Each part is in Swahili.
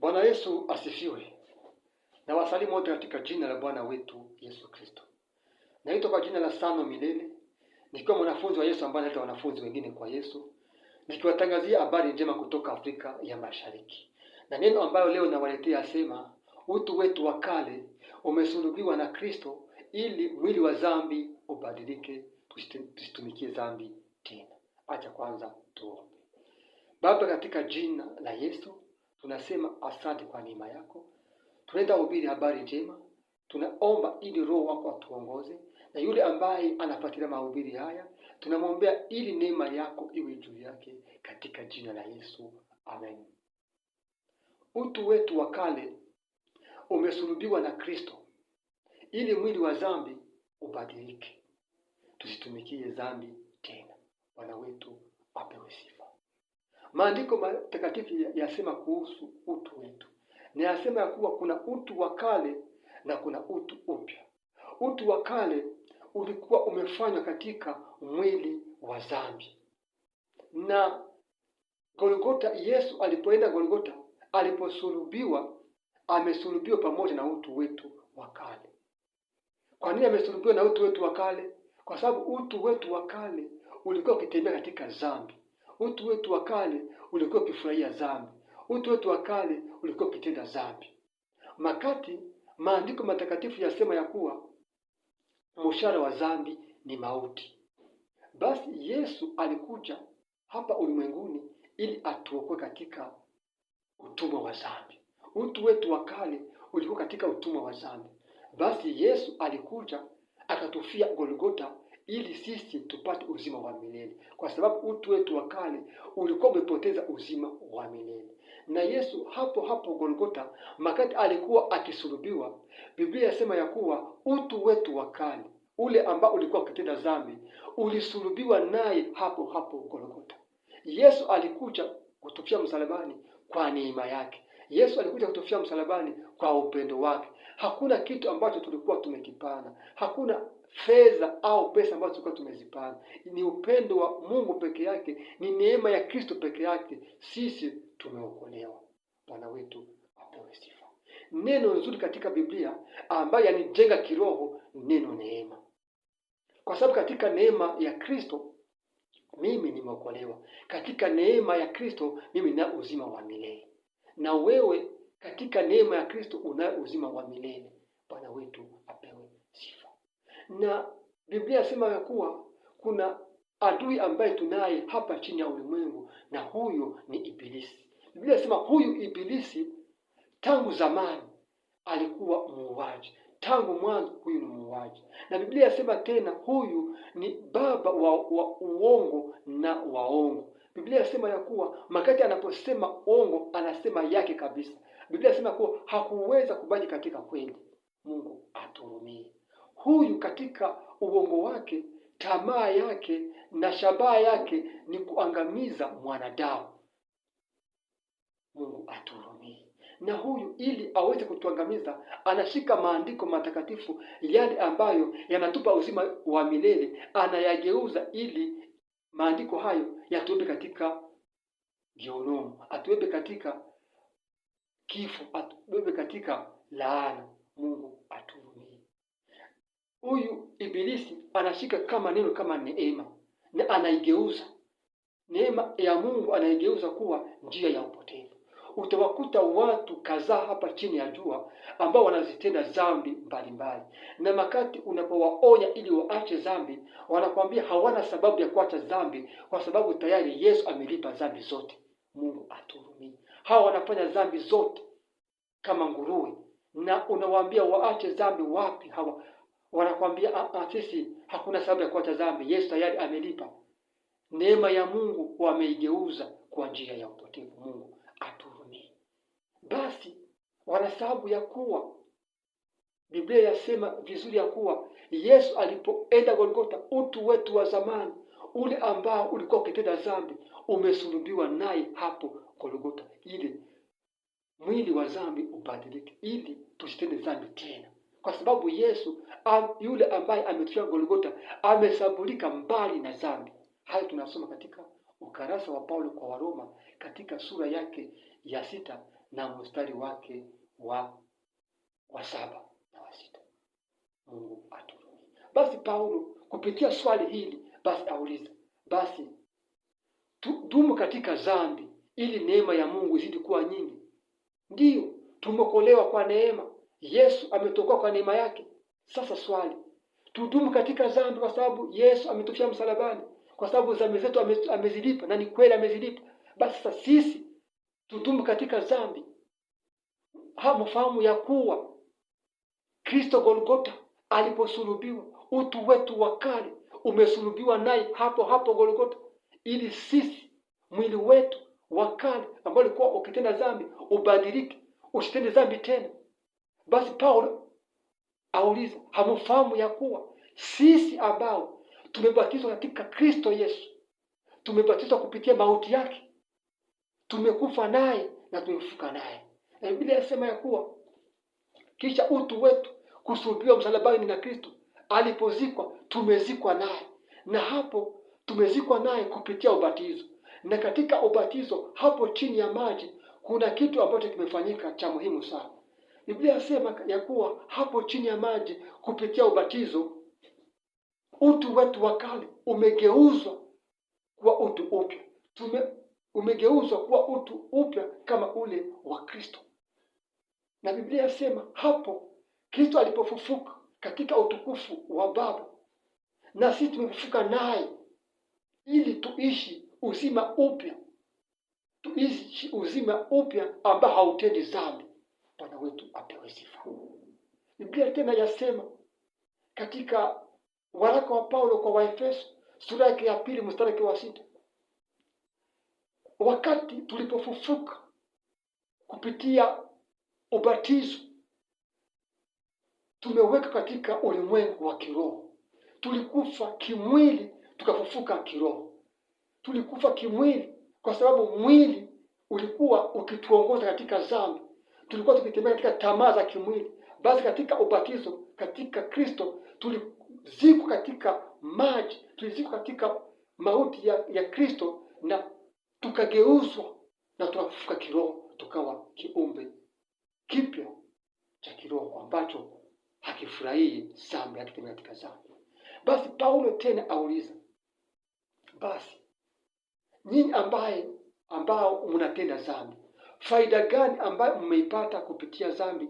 Bwana Yesu asifiwe. Na wasalimu wote katika jina la Bwana wetu Yesu Kristo. Naitwa kwa jina la Sano Milele, nikiwa mwanafunzi wa Yesu ambaye analeta wanafunzi wengine kwa Yesu, nikiwatangazia habari njema kutoka Afrika ya Mashariki. Na neno ambayo leo nawaletea asema, utu wetu wa kale umesulubiwa na Kristo ili mwili wa dhambi ubadilike, tusitumikie dhambi tena. Acha kwanza tuombe. Baba, katika jina la Yesu tunasema asante kwa neema yako. Tunaenda kuhubiri habari njema, tunaomba ili Roho wako atuongoze, na yule ambaye anafuatilia mahubiri haya tunamwombea ili neema yako iwe juu yake katika jina la Yesu, amen. Utu wetu wa kale umesulubiwa na Kristo ili mwili wa dhambi ubadilike, tusitumikie dhambi tena. Bwana wetu apewe sifa. Maandiko matakatifu yasema kuhusu utu wetu, na yasema ya kuwa kuna utu wa kale na kuna utu upya. Utu wa kale ulikuwa umefanywa katika mwili wa dhambi, na Golgota, Yesu alipoenda Golgota, aliposulubiwa, amesulubiwa pamoja na utu wetu wa kale. Kwa nini amesulubiwa na utu wetu wa kale? Kwa sababu utu wetu wa kale ulikuwa ukitembea katika dhambi Utu wetu wa kale ulikuwa ukifurahia dhambi, utu wetu wa kale ulikuwa ukitenda dhambi. Makati maandiko matakatifu yasema ya kuwa mshahara wa dhambi ni mauti. Basi Yesu alikuja hapa ulimwenguni ili atuokoe katika utumwa wa dhambi. Utu wetu wa kale ulikuwa katika utumwa wa dhambi. Basi Yesu alikuja akatufia Golgota ili sisi tupate uzima wa milele, kwa sababu utu wetu wa kale ulikuwa umepoteza uzima wa milele. Na Yesu hapo hapo Golgota, makati alikuwa akisulubiwa, Biblia yasema ya kuwa utu wetu wa kale ule ambao ulikuwa ukitenda dhambi ulisulubiwa naye hapo hapo golgota Yesu alikuja kutufia msalabani kwa neema yake. Yesu alikuja kutufia msalabani kwa upendo wake hakuna kitu ambacho tulikuwa tumekipana, hakuna fedha au pesa ambazo tulikuwa tumezipana. Ni upendo wa Mungu peke yake, ni neema ya Kristo peke yake. Sisi tumeokolewa. Bwana wetu apewe sifa. Neno nzuri katika Biblia ambayo yanijenga kiroho, neno neema, kwa sababu katika neema ya Kristo mimi nimeokolewa, katika neema ya Kristo mimi na uzima wa milele, na wewe katika neema ya Kristo unayo uzima wa milele. Bwana wetu apewe sifa. Na Biblia yasema ya kuwa kuna adui ambaye tunaye hapa chini ya ulimwengu, na huyo ni Ibilisi. Biblia sema huyu Ibilisi tangu zamani alikuwa muuaji, tangu mwanzo huyu ni muuaji. Na Biblia yasema tena huyu ni baba wa, wa uongo na waongo. Biblia yasema ya kuwa makati anaposema ongo anasema yake kabisa Biblia inasema kuwa hakuweza kubaki katika kweli. Mungu atuhurumie. Huyu katika uongo wake, tamaa yake na shabaha yake ni kuangamiza mwanadamu. Mungu atuhurumie. Na huyu ili aweze kutuangamiza, anashika maandiko matakatifu yale ambayo yanatupa uzima wa milele, anayageuza ili maandiko hayo yatuwepe katika Jeunomu atuwepe katika kifo, atubebe katika laana. Mungu atuhurumie. Huyu Ibilisi anashika kama neno kama neema, na anaigeuza neema ya Mungu anaigeuza kuwa njia ya upotevu. Utawakuta watu kadhaa hapa chini ya jua ambao wanazitenda dhambi mbalimbali, na makati unapowaonya ili waache dhambi, wanakwambia hawana sababu ya kuacha dhambi, kwa sababu tayari Yesu amelipa dhambi zote. Mungu atuhurumie hawa wanafanya dhambi zote kama nguruwe, na unawaambia waache dhambi. Wapi hawa wanakwambia ah, ah, sisi hakuna sababu ya kuacha dhambi, Yesu tayari amelipa. Neema ya Mungu wameigeuza kwa njia ya upotevu. Mungu atuhurumie. Basi wanasababu ya kuwa Biblia yasema vizuri ya kuwa Yesu alipoenda Golgotha, utu wetu wa zamani ule ambao ulikuwa ukitenda dhambi umesulubiwa naye hapo Golgotha, ili mwili wa dhambi ubadilike, ili tusitende dhambi tena, kwa sababu Yesu am, yule ambaye ametushia Golgotha amesabulika mbali na dhambi. Hayo tunasoma katika ukarasa wa Paulo kwa Waroma katika sura yake ya sita na mstari wake wa, wa saba na wa sita. Mungu aturumie. Basi Paulo kupitia swali hili basi auliza basi tudumu katika dhambi ili neema ya Mungu izidi kuwa nyingi. Ndiyo, tumeokolewa kwa neema. Yesu ametokoa kwa neema yake. Sasa swali, tudumu katika dhambi kwa sababu Yesu ametufia msalabani, kwa sababu dhambi zetu amezilipa, na ni kweli amezilipa. Basi sasa sisi tudumu katika dhambi. Hamfahamu ya kuwa Kristo Golgotha aliposulubiwa, utu wetu wa kale umesulubiwa naye hapo hapo Golgotha, ili sisi mwili wetu wakali ambao walikuwa ukitenda dhambi ubadilike, usitende dhambi tena. Basi Paulo auliza, hamfahamu ya kuwa sisi ambao tumebatizwa katika Kristo Yesu tumebatizwa kupitia mauti yake, tumekufa naye na tumefufuka naye. Na Biblia inasema ya kuwa kisha utu wetu kusulubiwa msalabani na Kristo, alipozikwa tumezikwa naye, na hapo tumezikwa naye kupitia ubatizo na katika ubatizo hapo chini ya maji kuna kitu ambacho kimefanyika cha muhimu sana. Biblia inasema ya kuwa hapo chini ya maji kupitia ubatizo utu wetu wa kale umegeuzwa kuwa utu upya. Tume umegeuzwa kuwa utu upya kama ule wa Kristo. Na Biblia inasema hapo Kristo alipofufuka katika utukufu wa Baba na sisi tumefufuka naye ili tuishi uzima upya, tuishi uzima upya ambao hautendi dhambi. Bwana wetu apewe sifa. Biblia tena yasema katika waraka wa Paulo kwa Waefeso sura yake ya pili mstari wake wa sita wakati tulipofufuka kupitia ubatizo tumeweka katika ulimwengu wa kiroho. Tulikufa kimwili, tukafufuka kiroho tulikufa kimwili, kwa sababu mwili ulikuwa ukituongoza katika dhambi, tulikuwa tukitembea katika tamaa za kimwili. Basi katika ubatizo katika Kristo tulizikwa katika maji, tulizikwa katika mauti ya, ya Kristo na tukageuzwa na tukafufuka kiroho, tukawa kiumbe kipya cha kiroho ambacho hakifurahii dhambi, hakitembea katika dhambi. Basi Paulo tena auliza basi nyinyi ambaye ambao mnatenda dhambi, faida gani ambayo mmeipata kupitia dhambi?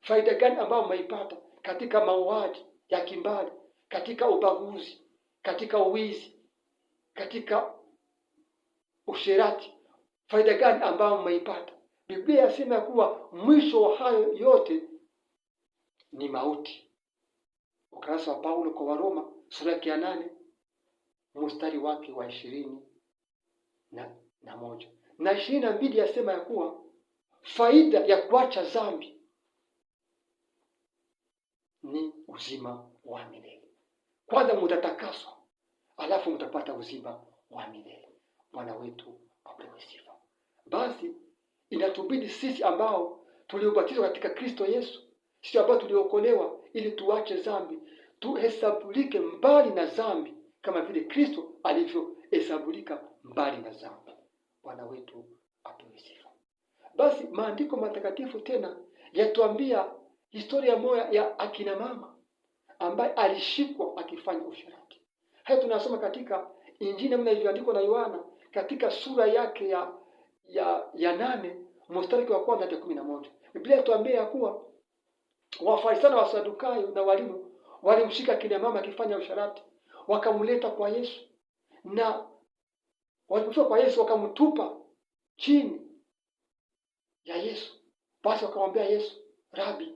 Faida gani ambayo mmeipata katika mauaji ya kimbali, katika ubaguzi, katika uwizi, katika usherati? Faida gani ambayo mmeipata? Biblia yasema kuwa mwisho wa hayo yote ni mauti. ukarasa wa Paulo kwa Waroma sura ya nane mstari wake wa ishirini na, na moja na ishirini na mbili yasema ya kuwa faida ya kuacha dhambi ni uzima wa milele. Kwanza mutatakaswa, alafu mutapata uzima wa milele. Bwana wetu apewe sifa. Basi inatubidi sisi ambao tuliobatizwa katika Kristo Yesu, sisi ambao tuliokolewa, ili tuache dhambi, tuhesabulike mbali na dhambi kama vile Kristo alivyo hesabulika mbali na dhambi. Bwana wetu apewe sifa. Basi maandiko matakatifu tena yatuambia historia moja ya akina mama ambaye alishikwa akifanya usharati haya tunasoma katika Injili namna ilivyoandikwa na Yohana katika sura yake ya ya, ya nane mstari wa kwanza hadi kumi na moja. Biblia inatuambia ya kuwa Wafarisayo na Wasadukayo na walimu walimshika akina mama akifanya usharati wakamleta kwa Yesu na walipofika kwa Yesu wakamtupa chini ya Yesu. Basi wakamwambia Yesu, Rabi,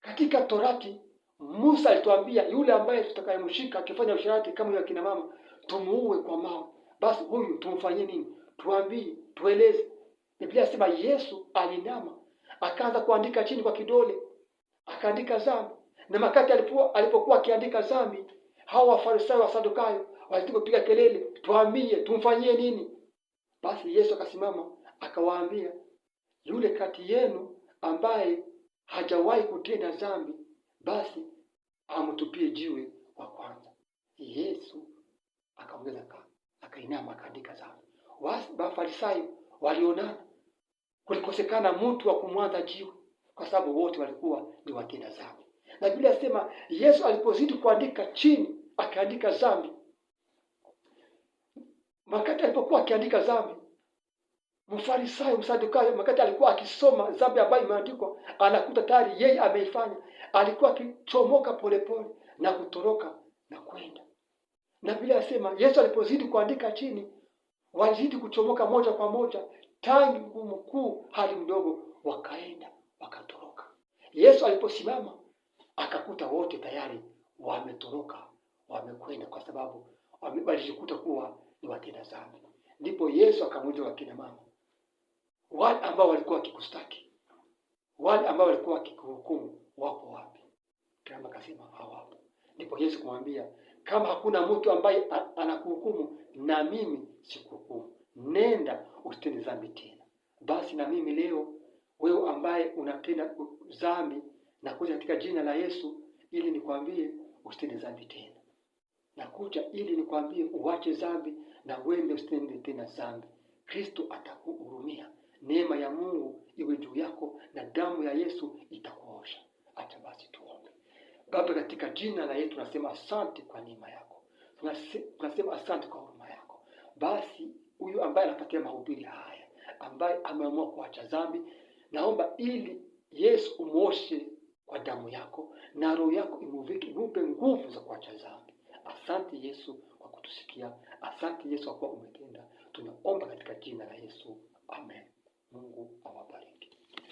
katika Torati Musa alituambia yule ambaye tutakayemshika akifanya ushirati kama yule akina mama tumuue kwa mawe. Basi huyu tumfanyie nini? Tuambie, tueleze. Biblia sema Yesu alinama akaanza kuandika chini kwa kidole, akaandika zambi Na makati alipokuwa alipokuwa akiandika zambi hao Wafarisayo Wasadukayo wasipopiga kelele, tuambie tumfanyie nini? Basi Yesu akasimama akawaambia, yule kati yenu ambaye hajawahi kutenda dhambi, basi amtupie jiwe wa kwanza. Yesu akaongeza ka akainama, akaandika dhambi. Wafarisayo walionana kulikosekana mtu wa kumwanza jiwe, kwa sababu wote walikuwa ni watenda dhambi, na Biblia inasema Yesu alipozidi kuandika chini, akaandika dhambi Makati alipokuwa akiandika zambi Mfarisayo Msadukayo, Makati alikuwa akisoma zambi ambayo imeandikwa, anakuta tayari yeye ameifanya. Alikuwa akichomoka polepole na kutoroka na kwenda na bila asema, Yesu alipozidi kuandika chini, walizidi kuchomoka moja kwa moja, tangu mkuu hadi mdogo, wakaenda wakatoroka. Yesu aliposimama akakuta wote tayari wametoroka, wamekwenda, kwa sababu walijikuta kuwa wakina dhambi. Ndipo Yesu akamuuliza wakina mama, wale ambao walikuwa wakikustaki, wale ambao walikuwa wakikuhukumu wapo wapi? Kama kasema hawapo. Ndipo Yesu kumwambia, kama hakuna mtu ambaye anakuhukumu na mimi sikuhukumu, nenda usitende dhambi tena. Basi na mimi leo wewe ambaye unatenda dhambi na kuja katika jina la Yesu ili nikwambie usitende dhambi tena. Nakuja ili nikwambie uache dhambi na wende usitende tena zambi. Kristo atakuhurumia, neema ya Mungu iwe juu yako na damu ya Yesu itakuosha. Acha basi tuombe. Baba, katika jina la Yesu tunasema asante kwa neema yako, tunasema asante kwa huruma yako. Basi huyu ambaye anapatia mahubiri haya, ambaye ameamua kuacha zambi, naomba ili Yesu umwoshe kwa damu yako na roho yako imuvike, imupe nguvu za kuacha zambi. Asante Yesu kwa kutusikia. Asante Yesu kwa kuwa umetenda, tunaomba katika jina la Yesu, amen. Mungu awabariki.